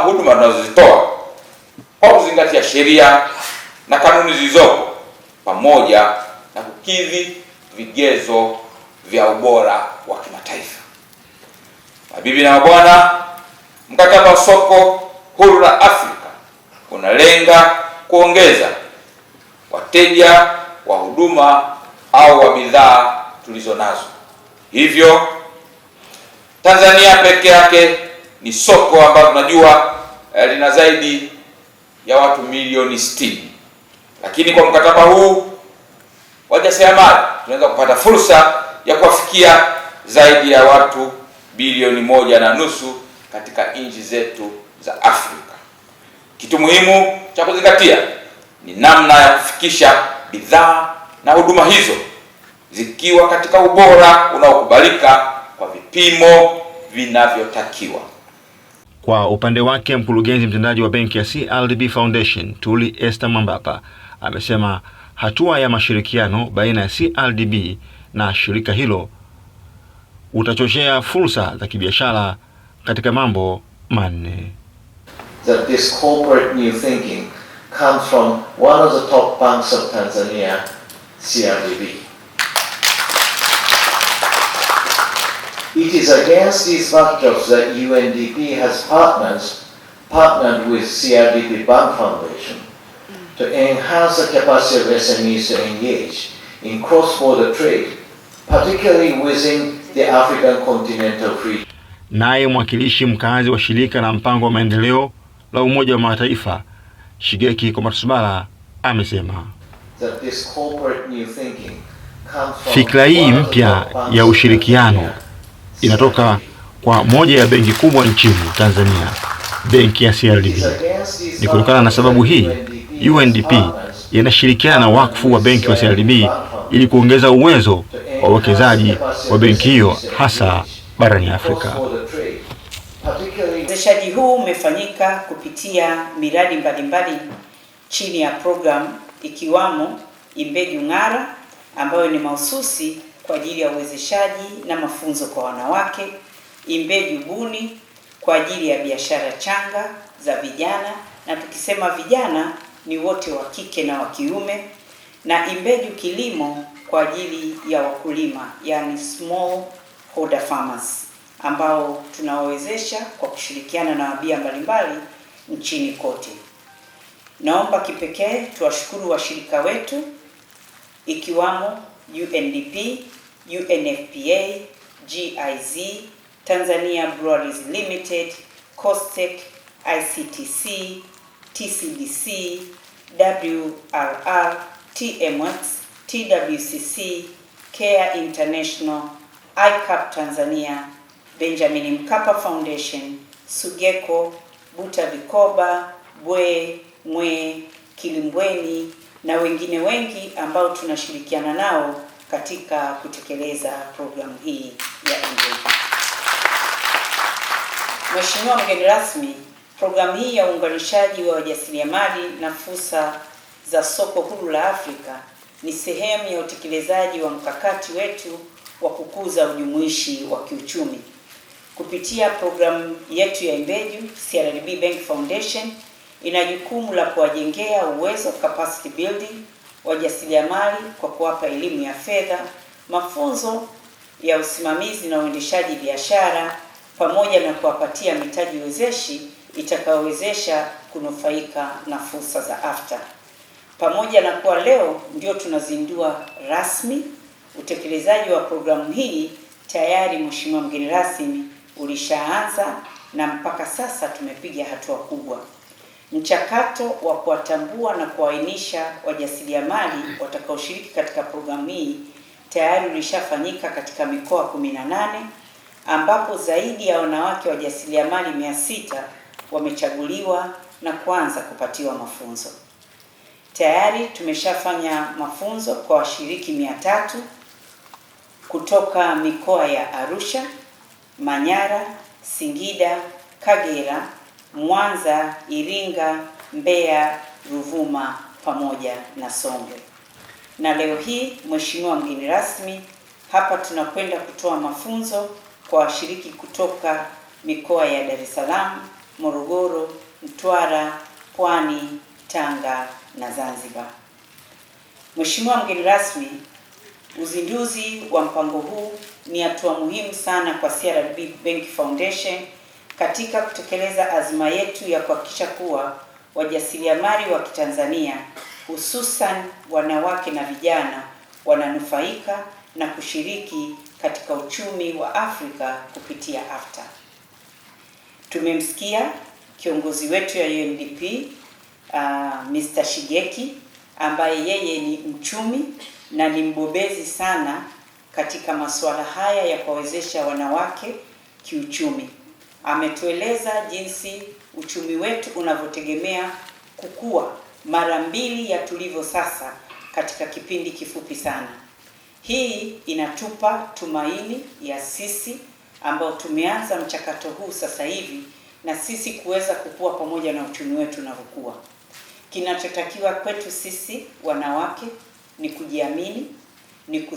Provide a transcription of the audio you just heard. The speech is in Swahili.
huduma tunazozitoa kwa kuzingatia sheria na kanuni zilizopo pamoja na kukidhi vigezo vya ubora wa kimataifa. Mabibi na mabwana, mkataba wa soko huru la Afrika unalenga kuongeza wateja wa huduma au wa bidhaa tulizo nazo, hivyo Tanzania peke yake ni soko ambalo tunajua eh, lina zaidi ya watu milioni 60 lakini kwa mkataba huu wajasiriamali tunaweza kupata fursa ya kuwafikia zaidi ya watu bilioni moja na nusu katika nchi zetu za Afrika. Kitu muhimu cha kuzingatia ni namna ya kufikisha bidhaa na huduma hizo zikiwa katika ubora unaokubalika kwa vipimo vinavyotakiwa. Kwa upande wake mkurugenzi mtendaji wa benki ya CRDB Foundation Tuli Esther Mwambapa amesema hatua ya mashirikiano baina ya CRDB na shirika hilo utachochea fursa za kibiashara katika mambo manne. That this corporate new thinking comes from one of the top banks of Tanzania, CRDB. It is against these backdrops that UNDP has partners, partnered with CRDP Bank Foundation to enhance the capacity of SMEs to engage in cross-border trade, particularly within the African continental region. Naye mwakilishi mkazi wa shirika la mpango wa maendeleo la Umoja wa Mataifa Shigeki Komatsubara amesema fikra hii mpya ya ushirikiano inatoka kwa moja ya benki kubwa nchini Tanzania, benki ya CRDB. Ni kutokana na sababu hii UNDP yanashirikiana na wakfu wa benki wa CRDB ili kuongeza uwezo wa uwekezaji wa benki hiyo hasa barani Afrika. Uwezeshaji huu umefanyika kupitia miradi mbalimbali chini ya programu ikiwamo Imbeju Ng'ara ambayo ni mahususi kwa ajili ya uwezeshaji na mafunzo kwa wanawake, Imbeju Buni kwa ajili ya biashara changa za vijana, na tukisema vijana ni wote wa kike na wa kiume, na Imbeju Kilimo kwa ajili ya wakulima, yani small holder farmers, ambao tunawawezesha kwa kushirikiana na wabia mbalimbali nchini kote. Naomba kipekee tuwashukuru washirika wetu ikiwamo UNDP UNFPA, GIZ, Tanzania Breweries Limited, costec ICTC, TCDC, WRR, TMX, TWCC, CARE International, ICAP Tanzania, Benjamin Mkapa Foundation, Sugeko, Buta Vikoba, Bwe, Mwe, Kilimbweni na wengine wengi ambao tunashirikiana nao katika kutekeleza programu hii ya endelevu. Mheshimiwa mgeni rasmi, programu hii ya uunganishaji wa wajasiriamali na fursa za soko huru la Afrika ni sehemu ya utekelezaji wa mkakati wetu wa kukuza ujumuishi wa kiuchumi kupitia programu yetu ya Imbeju. CRDB Bank Foundation ina jukumu la kuwajengea uwezo capacity building wajasiriamali kwa kuwapa elimu ya fedha, mafunzo ya usimamizi na uendeshaji biashara, pamoja na kuwapatia mitaji wezeshi itakayowezesha kunufaika na fursa za AFTA. Pamoja na kuwa leo ndio tunazindua rasmi utekelezaji wa programu hii, tayari Mheshimiwa mgeni rasmi ulishaanza na mpaka sasa tumepiga hatua kubwa. Mchakato wa kuwatambua na kuwaainisha wajasiriamali watakaoshiriki katika programu hii tayari ulishafanyika katika mikoa 18 ambapo zaidi ya wanawake wajasiriamali mia sita wamechaguliwa na kuanza kupatiwa mafunzo. Tayari tumeshafanya mafunzo kwa washiriki mia tatu kutoka mikoa ya Arusha, Manyara, Singida, Kagera Mwanza, Iringa, Mbeya, Ruvuma pamoja na Songwe. Na leo hii Mheshimiwa mgeni rasmi, hapa tunakwenda kutoa mafunzo kwa washiriki kutoka mikoa ya Dar es Salaam, Morogoro, Mtwara, Pwani, Tanga na Zanzibar. Mheshimiwa mgeni rasmi, uzinduzi wa mpango huu ni hatua muhimu sana kwa CRDB Bank Foundation katika kutekeleza azma yetu ya kuhakikisha kuwa wajasiriamali wa Kitanzania hususan wanawake na vijana wananufaika na kushiriki katika uchumi wa Afrika kupitia AFTA. Tumemsikia kiongozi wetu ya UNDP uh, Mr. Shigeki ambaye yeye ni mchumi na ni mbobezi sana katika masuala haya ya kuwawezesha wanawake kiuchumi ametueleza jinsi uchumi wetu unavyotegemea kukua mara mbili ya tulivyo sasa katika kipindi kifupi sana. Hii inatupa tumaini ya sisi ambao tumeanza mchakato huu sasa hivi na sisi kuweza kukua pamoja na uchumi wetu unavyokuwa. Kinachotakiwa kwetu sisi wanawake ni kujiamini, ni